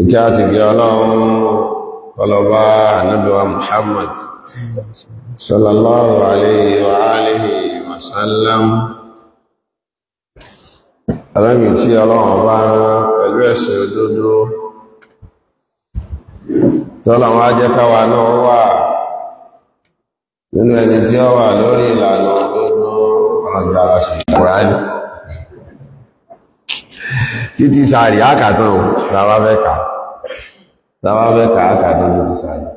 ìkẹ́ àti ìkẹ́ ọlọ́run ọlọ́bá ànábẹ̀wà Muhammad sallallahu alayhi wa alihi wa sallam arábì tí ọlọ́run bá rán pẹ̀lú ẹ̀sìn òdodo tọ́lọ̀wọ́n ajẹ́káwà náà wà nínú ẹni tí ó wà lórí ìlànà òdodo ọlọ́jà sí títí sàárì ákàtàn rárá fẹ́ láwọn abẹ́ kàákà dédé ti sáré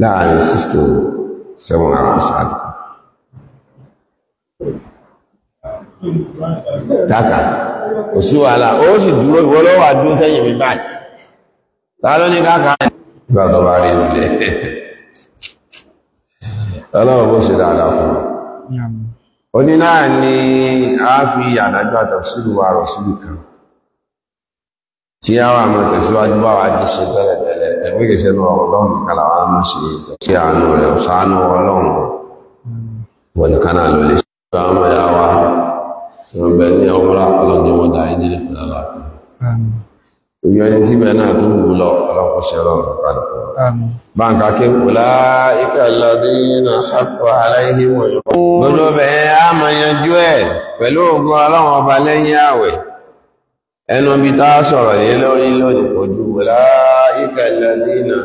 láàrin 6 to 7 hours àti tàkà kò sí wàhálà ó sì dúró ìwọ ló wà dúró sẹ́yìn mi báyìí ta ló ní káàkà nígbà tó bá rí ilẹ̀ ọlọ́run bó ṣe ni a fi wa tí a wà máa tẹ̀síwájú bá wa ti ṣe tẹ́lẹ̀tẹ́lẹ̀ ẹ̀mí kìí ṣe nu ọ̀rọ̀ lọ́rùn nìkan làwọn á máa ṣe tí àánú rẹ̀ ṣàánú ọlọ́run wọn nìkan náà ló lè ṣe ìgbà ọmọ ìyá wa wọn bẹ ní ọmọlá ọlọ́run wọn darí nílé pẹ̀lú àlàáfíà ọlọ́run ọba lẹ́yìn àwẹ̀ ẹnu bí tá a sọ̀rọ̀ yé lórí lónìí kò ju wùláìkà alladhina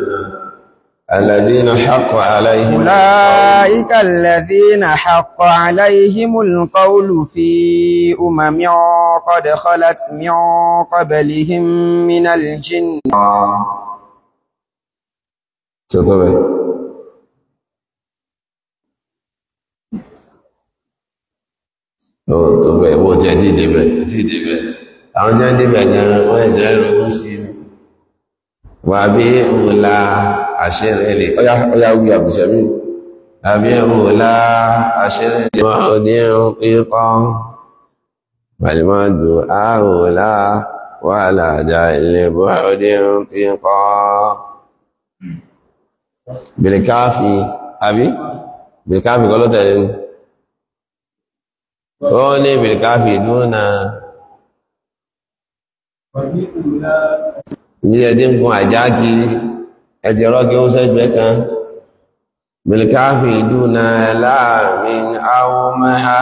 alladhina haqqa aláìhìmù wùláìkà alladhina haqqa aláìhìmù qawlu fi umamin qad khalat Tó bẹ̀, wọ́n jẹ́ sí ìdíbẹ̀, sí ìdíbẹ̀ àwọn jẹ́ débẹ̀ gan wọ́n ẹ̀sẹ̀ rọrùn sí ni wà bí òòlà àṣẹ́rẹ̀lẹ̀ ọya wí àbùsẹ̀mí àbí òòlà àṣẹ́rẹ̀lẹ̀ ọdí pípọ́ pàlímọ́dù àòòlà wà láàdá ilẹ̀ bọ́ ọdí pípọ́ ní ẹdí ń gun àjá kiri ẹ̀jẹ̀ rọ́gí ó sẹ́gbẹ́ kan bilkafi dúnà láàrin àwọmọ́ha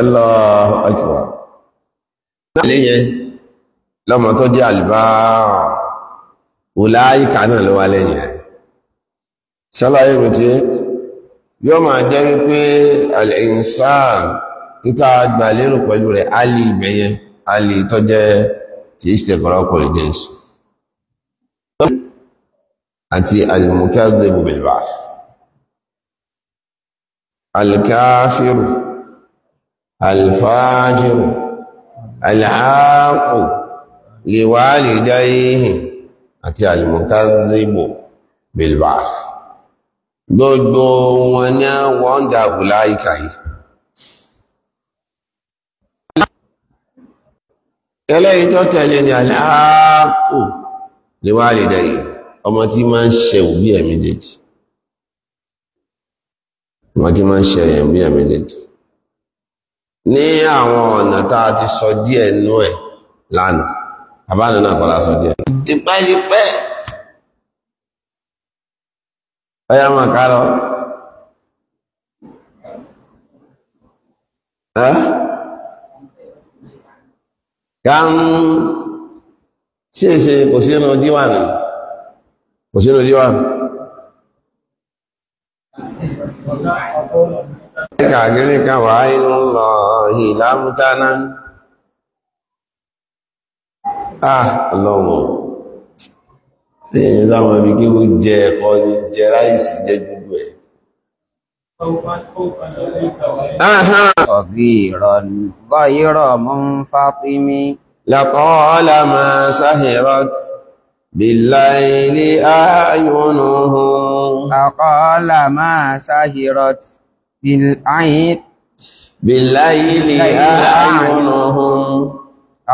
ẹlọ ọjọ́ náà lè yẹn tó dị àlùbáà ụlọ náà ló wà lẹ́yìn ṣàlàyé mi tí yóò máa jẹ́ wípé al-insan ń ta gbà lérò pẹ̀lú rẹ̀ alì ìbẹ̀yẹn alì tó jẹ́ ti ìṣẹ̀kọ̀rọ̀ ọkùnrin jẹ́sì àti al-mukadhdhibu bil al-kafiru al-fajiru al-aaqu liwalidayhi gbogbo wọn ní wọ́n dàbù láìka yìí ẹlẹ́yìn tó tẹ̀lé ní aláàpù níwáàlì dẹ̀yìn ọmọ tí máa ń ṣe òbí ẹ̀ méjèèjì ọmọ tí máa ń ṣe òbí ẹ̀ méjèèjì ní àwọn ọ̀nà tá a ti sọ díẹ̀ nú ẹ̀ lánàá àbánú náà kọ́lá sọ díẹ̀ tipẹ́tipẹ́ ọya máa ká lọ kàn ṣeéṣe kò sí nínú díwà nì kò sí nínú díwà kàgírí kan wà inú lọ ìlàmútánà ah lọ́wọ́ lẹ́yìn sáwọn ibi kí ó jẹ ẹ̀kọ́ ní jẹ ráìsì jẹ gbogbo ẹ̀. صغيرا غير منفطم لطالما سهرت بالليل أعينهم أقال ما سهرت بالعين بالليل أعينهم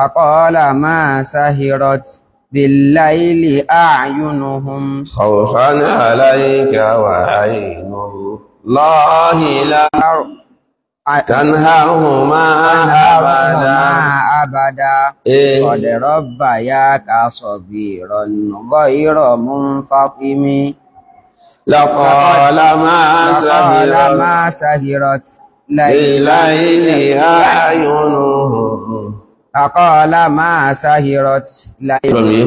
أقال ما سهرت بالليل أعينهم خوفا عليك وعين الله لا تنهرهما أبدا أبدا قد ربياك صبيرا غير منفطم لقال ما سهرت لقال ما سهرت ليلين أعينهم àkọọ́lá máa sáhìrọt láì rọ̀mí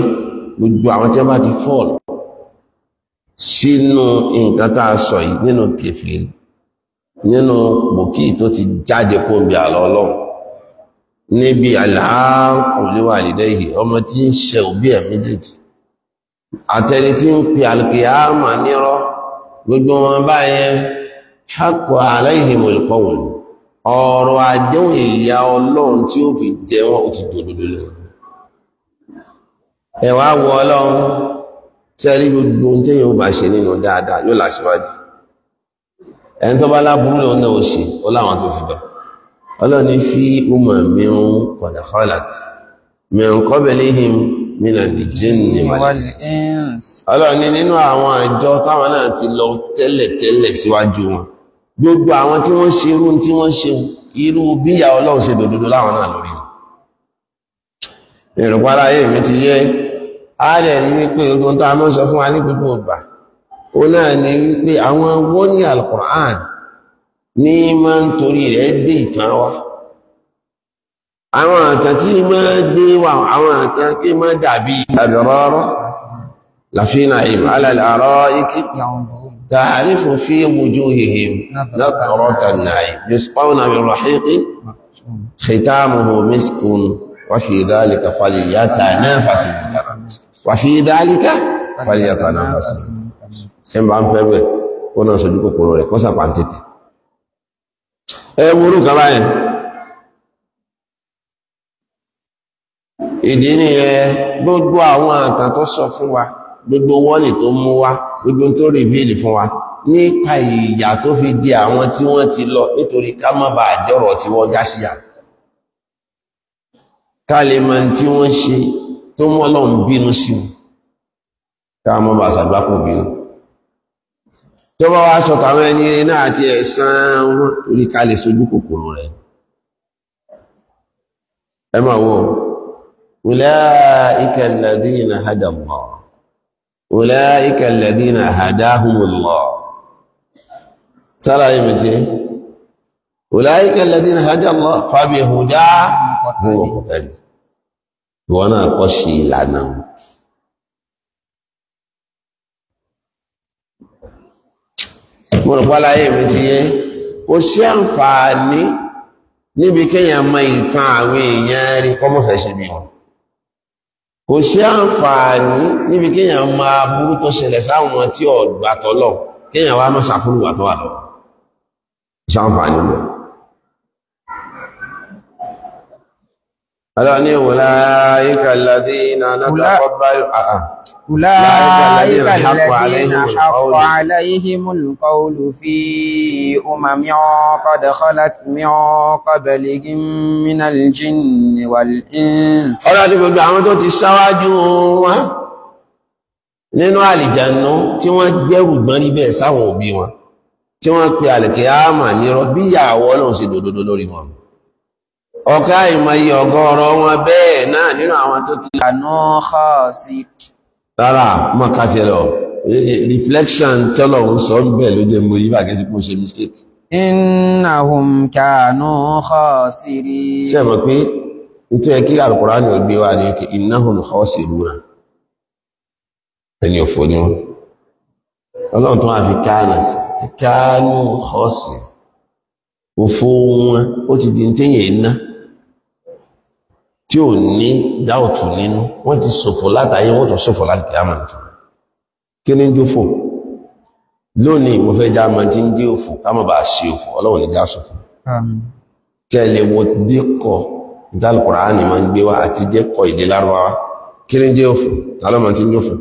gbogbo àwọn tí a bá ti fọ́ọ̀lù sínú nǹkan tá a sọ yìí nínú kèfèrí nínú bòkí tó ti jáde kó bí àlọ́ ọlọ́run níbi àlàákùnléwà gbogbo wọn báyẹn hákọ̀ aláìhìmọ̀ ìkọwọ̀lù ọ̀rọ̀ àdéhùn ìyá ọlọ́run tí ó fi jẹ wọn ó ti dòdòdó lẹ̀ ẹ̀wà wọ ọlọ́run tí ẹrí gbogbo ohun téèyàn bá ṣe nínú dáadáa yóò láṣíwájú ẹni tó bá lábúrú lòun náà ó ṣe ó láwọn tó fi bẹ̀ ọlọ́run ní fi umọ̀ mìíràn kọ̀dà kọ́làtì mìíràn kọ́bẹ̀lẹ́hìn mìíràn dìjẹ́ ní ọlọ́run ní nínú àwọn àjọ táwọn náà ti lọ tẹ́lẹ̀tẹ́lẹ̀ síwájú wọn gbogbo àwọn tí wọ́n ṣe irú tí wọ́n ṣe irú bí ìyà Ọlọ́run ṣe dòdòdó láwọn náà lórí ìrùpá aláyé mi ti yẹ ààrẹ ní wípé ogun tó a mọ́ sọ fún wa ní gbogbo ọgbà ó náà ní wípé àwọn wọ́n ní al ní máa ń torí rẹ̀ gbé ìtàn wa àwọn àtàn tí máa gbé wa àwọn àtàn pé máa dàbí tàbí rọ́rọ́ làfihàn ìmọ̀ alàlẹ́ àrọ́ ikú تعرف في وجوههم نظرة النعيم يسقون من رحيق ختامه مسك وفي ذلك فليتنافس وفي ذلك فليتنافس ẹn bá ń fẹ́ bẹ́ẹ̀ kó náà sọ jùkú kòrò rẹ̀ kó sàpà ń tètè ẹ wúrú kan báyẹn ìdí nìyẹn gbogbo àwọn àtàn tó sọ fún wa gbogbo wọ́nì tó mú wa gbogbo tó reveal fún wa nípa ìyà tó fi di àwọn tí wọ́n ti lọ nítorí ká má bàa jọ̀rọ̀ tí wọ́n já síyà ká lè mọ tí wọ́n ṣe tó mú Ọlọ́run bínú sí wọn ká má bàa ṣàgbákò bínú tó bá wá sọ̀tà àwọn ẹni náà àti ẹ̀san wọn torí ká lè sojú kòkòrò rẹ̀ ẹ máa wọ ulaika alladhina hada Allah ulaika alladhina hadahumullah sára ìmìtí ulaika alladhina hadallah fàbí huda mọ̀kọ̀tẹ̀lì wọ́n náà kọ́ sí ìlànà mọ̀rọ̀pálá ìmìtí yẹ kò sí àǹfààní níbi kéèyàn mọ ìtàn àwọn èèyàn rí kọ́mọ̀fẹ́ ṣe bí wọn kò sí àǹfààní níbi kíyàn máa burú tó ṣẹlẹ̀ sáwọn tí ọ̀gbàtọ́lọ̀ kíyàn wá mọ́ sàfúrúwà tó wà lọ́wọ́ sáǹfààní aláàní ọ̀láìkà alladhina nataqabbalu ọ̀láìkà ah, ah. alladhina haqqa alayhimul qawlu fi umamin qad khalat min qablihim minal jinni wal ins ọ̀rọ̀ àti gbogbo àwọn tó ti sáwájú wọn nínú àlìjànú tí wọ́n gbẹ́rù gbọ́n rí bẹ́ẹ̀ ọ̀ká ìmọ̀yí ọgọ́rọ̀ wọn bẹ́ẹ̀ náà nínú àwọn tó ti lànà ọ̀há sí rárá mọ́ káti ẹ̀lọ reflection tẹ́lọ̀ ń sọ ń bẹ̀ ló jẹ́ mo yí bàgẹ́ sí kó ṣe mistake innahum kanu khasirin ṣe mọ̀ pé n tó yẹ kí Al-Qur'ani ò gbé wa ní kí innahum khasiruna ẹni òfò ni wọn ọlọ́run tó wà fi kánà kánú khasir òfò wọn ó ti di ní téèyàn iná tí ò ní dáòtù nínú wọ́n ti ṣòfò látàyé wọ́n tó ṣòfò láti kìámà tó kí ní jófò lónìí mo fẹ́ já ma ti ń dé òfò ká má bàa ṣe òfò ọlọ́run ní já ṣòfò kẹ́ lè wo dékọ̀ ìtàlùkùrá ni máa ń gbé wá àti dékọ̀ ìdè lárúbáwá kí ní dé òfò ta ló ma ti ń jófò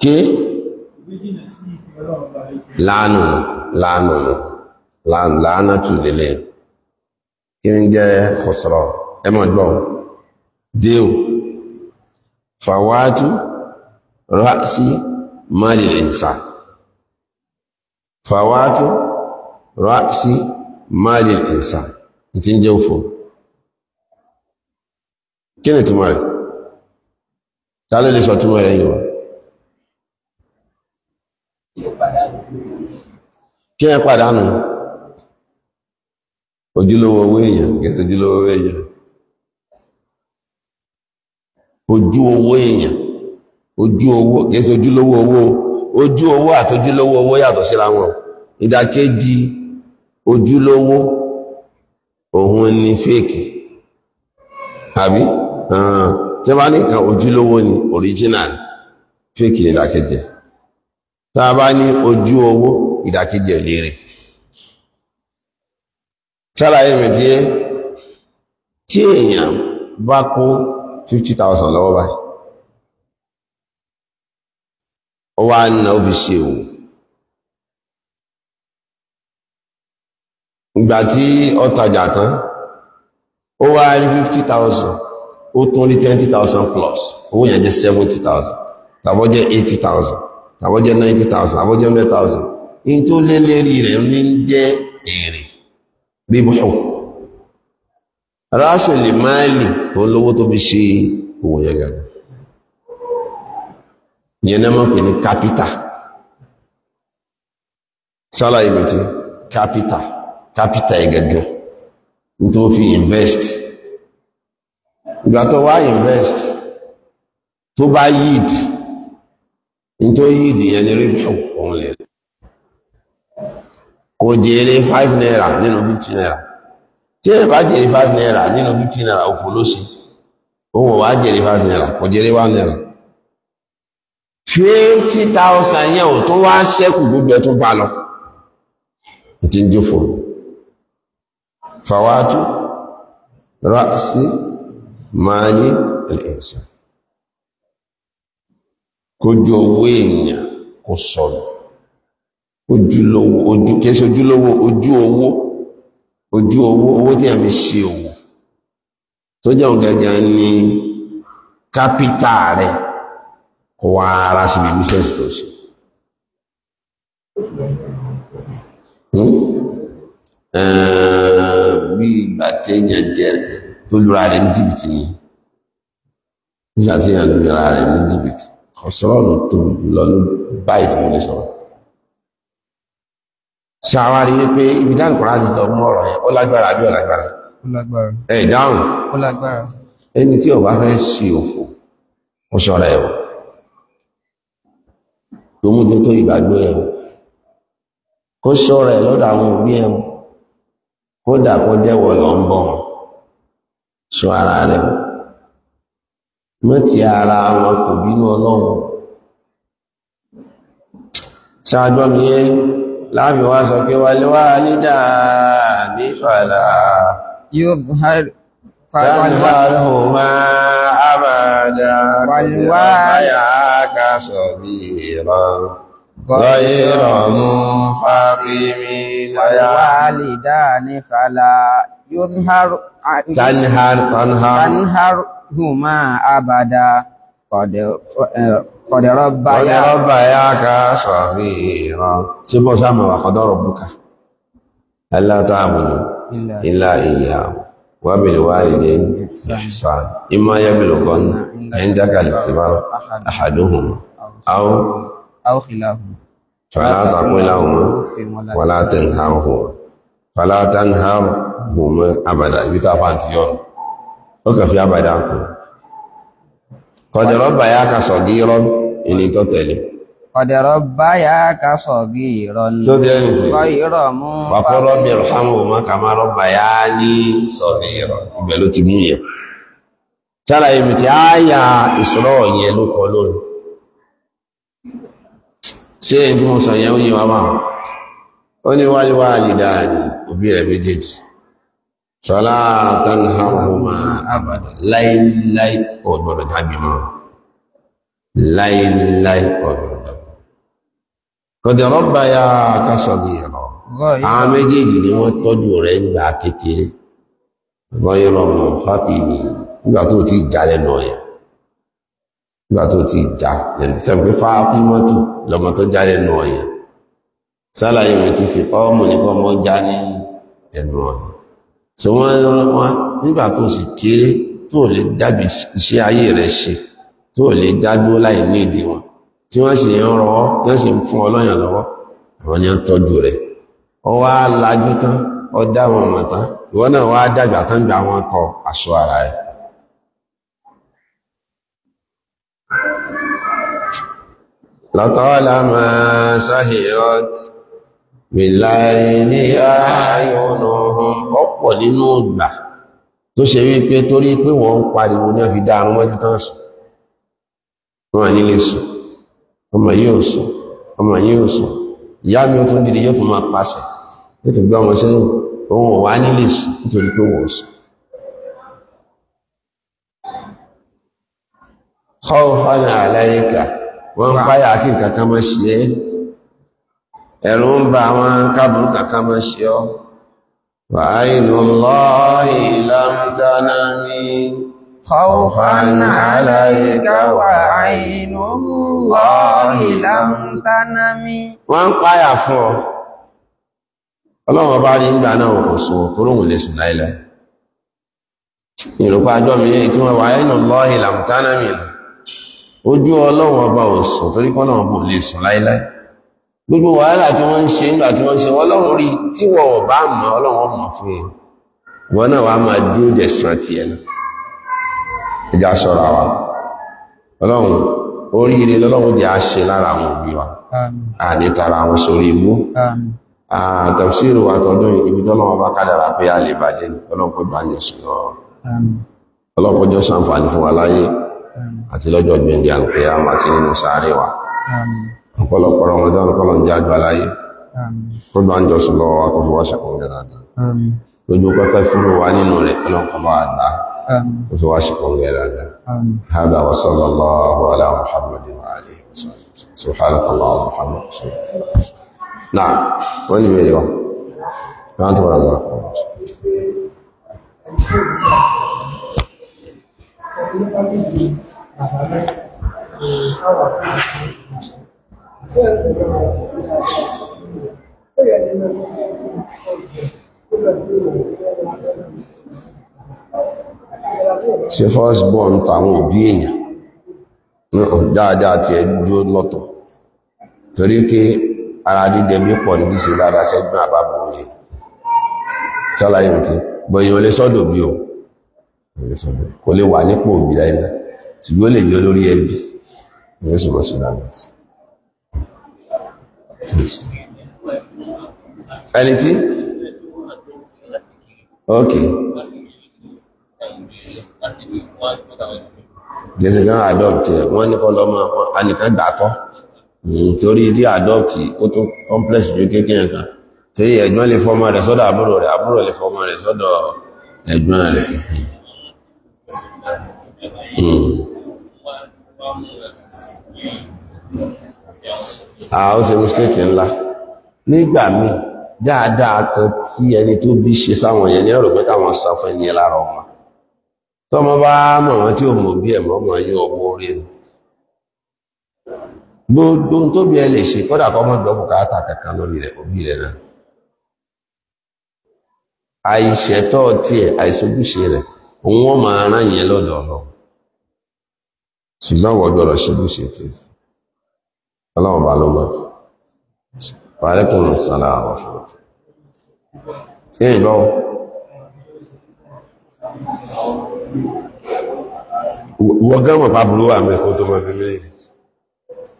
kí láàánù láàánù láàánà tù lélẹ̀ kí ní jẹ́ ọ̀sọ̀rọ̀ ẹmọ̀ gbọ́ déò fàwátú rásí máàlì ìsà fàwátú rásí máàlì ìsà ìtí ń jẹ́ òfò kí ni túnmọ̀ rẹ̀ tálẹ́lẹ́sọ̀ túnmọ̀ rẹ̀ yíwa kí ẹ pàdánù ojúlówó owó èèyàn gẹ́sì ojúlówó owó èèyàn ojú owó èèyàn ojú owó gẹ́sì ojúlówó owó ojú owó àtojúlówó owó yàtọ̀ síra wọn ìdàkejì ojúlówó òun ni fèkì àbí tí wọ́n ní kan ojúlówó ni original fèkì ìdàkejì tá a bá ní ojú owó ìdákejì ẹ̀ léèrè sálàyé mi tí tí èèyàn bá kó 50,000 lọ́wọ́ báyìí ó wá ń na ó fi ṣe òun ìgbà tí ó tajà tán ó wá rí 50,000 ó tún rí 20,000 plus owó yẹn seventy thousand. tàbọ́ eighty thousand. tàbọ́ ninety thousand. tàbọ́ hundred thousand in tó lé lérí rẹ̀ ní jẹ́ èrè bíbọ̀ ráṣọ lè máìlì tó lówó tó fi ṣe owó yẹn gàgbà yẹn náà mọ̀ pé ní kápítà sálàyé mi ti kápítà kápítà yẹn gàgbà fi invest ìgbà wá invest tó bá yíìdì ní yíìdì yẹn ní rébíọ̀ òun lè kò jèrè five naira nínú fifty naira tí ẹ bá jèrè five naira nínú fifty naira òfò ló ṣe òun wàá jèrè five naira kò jèrè one naira fifty thousand yẹn ò tó wá ṣẹ́kù gbogbo ẹ̀ tó bá lọ ti ń jófò fàwátú ráàsì máa ní ẹ̀ẹ́sà kójú owó èèyàn kò sọ̀rọ̀ ojúlówó ojú kìí ṣe ojúlówó ojú owó ojú owó owó tí a fi ṣe òwò tó jẹun gẹ́gẹ́ ní kápítà rẹ kò wá ara síbi bísẹ̀sì tó ṣe hmm? bí ìgbà téèyàn jẹ tó lura rẹ ní jìbìtì ni nígbà téèyàn lura rẹ ní jìbìtì ọ̀sọ́rọ̀ ló tóbi jùlọ ló báyìí tí mo lè sọ̀rọ̀ ṣàwárí wípé ibi dáhùn kọ́rá ti tọ́ mọ́ ọ̀rọ̀ yẹn ó lágbára àbí ọ̀lágbára ẹ̀ dáhùn ẹni tí ó bá fẹ́ ṣe òfò ó ṣọ́ra ẹ̀ o tó mójú tó ìgbàgbé ẹ̀ o kó ṣọ́ra ẹ̀ lọ́dọ̀ àwọn òbí ẹ̀ o kódà kó jẹ́wọ́ lọ ń bọ̀ ṣọ́ ara rẹ̀ mọ́tì ara wọn kò bínú ọlọ́run ṣáájọ́ mi yẹn láàmì wá sọ pé wàlúwà nídà ní fàlà yóò fàlùwàlù máa àmàdà wàlúwà yà ká sọ bí Kọ̀dẹ̀rọ̀ bá yá ká sọ̀rí ìran tí bọ́ sáàmà wà kọ̀dọ̀rọ̀ búkà. Aláta àmìnà, ilá ìyà, wà bèèrè wà ìdí sàn, ìmọ̀ yẹ bèèrè kan, ẹ̀yìn dákàlì ti bá àhàdùhùn, áwọ́, fàlá tàkúnlá hùmọ́, wàlá tẹ̀nhàrù hùmọ́, fàlá tẹ̀nhàrù hùmọ́ àbàdà, ibi tá kọ̀dẹ̀rọ̀ bá yá ka sọ̀ gí rọ́n ìní tó tẹ̀lé. kọ̀dẹ̀rọ̀ bá yá ka sọ̀ gí rọ́n tó tẹ̀lé nìsí kọ́ ìrọ̀ mú pàpọ̀ rọ́bì rọ̀hámù má ka má rọ́bà yá ní sọ̀ gí rọ́n ibẹ̀ ló ti mú yẹn. sára ibi tí a yà ìṣòro yẹ fàlá tánhàrùmá àbàdà láíláí ọ̀gbọ̀dọ̀ tàbí mọ́ láíláí ọ̀gbọ̀dọ̀ tàbí kọ̀dẹ̀ rọ́bà ya kásọ̀bí ẹ̀rọ àwọn méjèèjì ni wọ́n tọ́jú rẹ̀ gbà kékeré bọ́yọ̀rọ̀ mọ̀ fátìmì nígbà tó ti já lẹ́nu ọ̀yà nígbà tó ti já lẹ́nu sẹ́mi pé fáfímọ́tù lọ́mọ tó já lẹ́nu ọ̀yà sálàyé mi ti fi kọ́ mọ̀ nípa ọmọ já ní ẹnu ọ̀yà so wọ́n rán wọn nígbà tó sì kéré tó lè dábì iṣẹ́ ayé rẹ̀ ṣe tó lè dádúró láì ní ìdí wọn tí wọ́n sì ń rọwọ́ tí wọ́n sì ń fún ọlọ́yàn lọ́wọ́ àwọn ni wọ́n tọ́jú rẹ̀ ọwọ́ á lajú tán ọdá wọn mọ̀ tán ìwọ náà wá dàgbà tán gbà wọn tọ aṣọ ara rẹ̀ لطالما سهرت بالليل أعينهم pọ̀ nínú ìgbà tó ṣe wípé torí pé wọ́n ń pariwo ní fi dá àwọn mọ́jú tán sùn wọ́n ọmọ yóò sùn ọmọ yóò sùn ìyá mi ó tún dìde yóò tún máa pàṣẹ ọmọ sẹ́yìn òun ò wá ní lè nítorí pé wọ́n wọ́n ń páyà kí nǹkan kan máa ṣe وعين الله لم تنمي خوفا عليك وعين الله wọ́n ọ ọlọ́run ọba rí ńgbà náà kò sùn kó lè sùn ìrùpa mi wọ́n wà nínú lọ́ọ̀hìn làmùtánàmì ojú ọlọ́run ọba ò sùn torí kọ́ lè sùn láìláì gbogbo wàhálà tí wọ́n ń ṣe nígbà tí wọ́n ń ṣe wọ́n lọ́wọ́ rí tí wọ́n ò bá mọ̀ ọlọ́wọ́ mọ̀ fún wọn wọn náà wàá máa dúró dẹ̀sán tiẹ̀ náà ẹja sọ́ra wa ọlọ́run oríire lọ́lọ́run jẹ́ àṣẹ lára àwọn òbí wa àní tara àwọn sórí ibú àtàfsírò àtọ́dún ibi tọ́lọ́wọ́ bá kádàrà pé a lè bàjẹ́ ní ọlọ́pọ̀ bá ní ọ̀sán lọ́wọ́ ọlọ́pọ̀ jọ ṣàǹfààní fún wa láyé àti lọ́jọ́ gbẹ̀ndẹ̀ àlùkẹ́yà àti nínú sáré wa ọ̀pọ̀lọpọ̀ Ramadan kọ́lọ̀ ń jẹ́ àjọ aláyé tó bá ń jọsùn lọ́wọ́ wa kò fi wá ṣẹ̀kùn gẹ̀ dáadáa lójú pẹ́pẹ́ fún wa hada wa sallallahu ala muhammadin wa alihi wa sallam subhanakallah wa Thank you ṣe first born tàwọn òbí èèyàn dáadáa ti ẹjọ́ lọ́tọ̀ torí pé ara dídẹ bí pọ̀ níbi ṣe dáadáa sẹ́gbọ́n àbábọ̀ òye ṣálàyé mìtí bọ̀yìn olè sọ́dọ̀ bí o kò lè wà nípò òbí láìlá ṣùgbọ́n lè jẹ́ olórí ẹbí ìrẹsùn mọ́sílẹ̀ ẹni tí ok jẹ́sẹ̀ kan adopt wọ́n ní kọ́ lọ́mọ anìkan gbàtọ́ hmm, torí ilé adopt ó tún complex ju kékeré kan torí ẹ̀gbọ́n lè fọ́mọ rẹ̀ sọ́dọ̀ àbúrò rẹ̀ àbúrò lè fọ́mọ rẹ̀ sọ́dọ̀ ẹ̀gbọ́n rẹ̀ Mm àwọn ṣe mistake ńlá nígbà míì dáadáa kan tí ẹni tó bí ṣe sáwọn yẹn ní ẹ̀rọ pé káwọn sá fún ẹni lára ọmọ tọmọ bá mọ̀ wọn tí ò mọ̀ bí ẹ̀mọ́ mọ̀ yóò ọmọ orí ẹni gbogbo tó bí ẹ lè ṣe kọ́dà kọ́ mọ́ gbọ́ bùkátà kankan lórí rẹ̀ òbí rẹ̀ náà àìṣẹ̀tọ́ tiẹ̀ àìsojúṣe rẹ̀ òun wọ́n máa rán yẹn lọ́dọ̀ ọ̀rọ̀ ṣùgbọ́n wọ́n gbọ́dọ̀ ṣojúṣe tiẹ̀ ọlọ́run bá ló mọ́ wàlẹ́kùn sọ́lá àwọn ẹ̀ ìgbọ́ wọ́n gánmọ̀ pàbùrú wà mẹ́kọ́ tó mọ́ bí mẹ́rin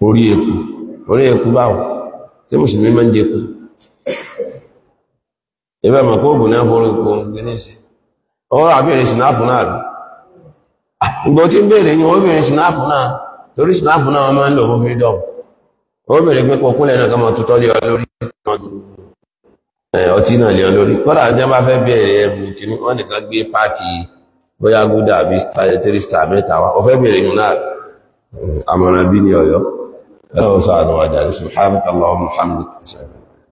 orí eku orí eku báwọ̀ tí mùsùlùmí máa ń jẹ eku ẹgbẹ́ mọ̀ kó ògùn náà forí epo gẹ́nẹ́sì ọwọ́ àbẹ̀rẹ̀ sinapu náà rí ìgbọ́ tí ń bèèrè ni wọ́n sinapu náà torí sinapu náà wọ́n máa ń lò fún freedom ó bẹ̀rẹ̀ pé pọ̀kúnlẹ̀ náà kọmọ tutọ́ lé ọ lórí eh, ọtí náà lé ọ lórí kọ́dà jẹ́ bá fẹ́ bẹ̀rẹ̀ ẹ̀bù kìíní wọ́n nìkan gbé páàkì bóyá gúdà bí tẹ́rí sítà mẹ́ta wá ọfẹ́ bẹ̀rẹ̀ yìí náà hmm, àmọ̀ràn bí ní ọ̀yọ́ ẹ̀rọ sàánú àjàrí subhanahu wa ta'ala muhammad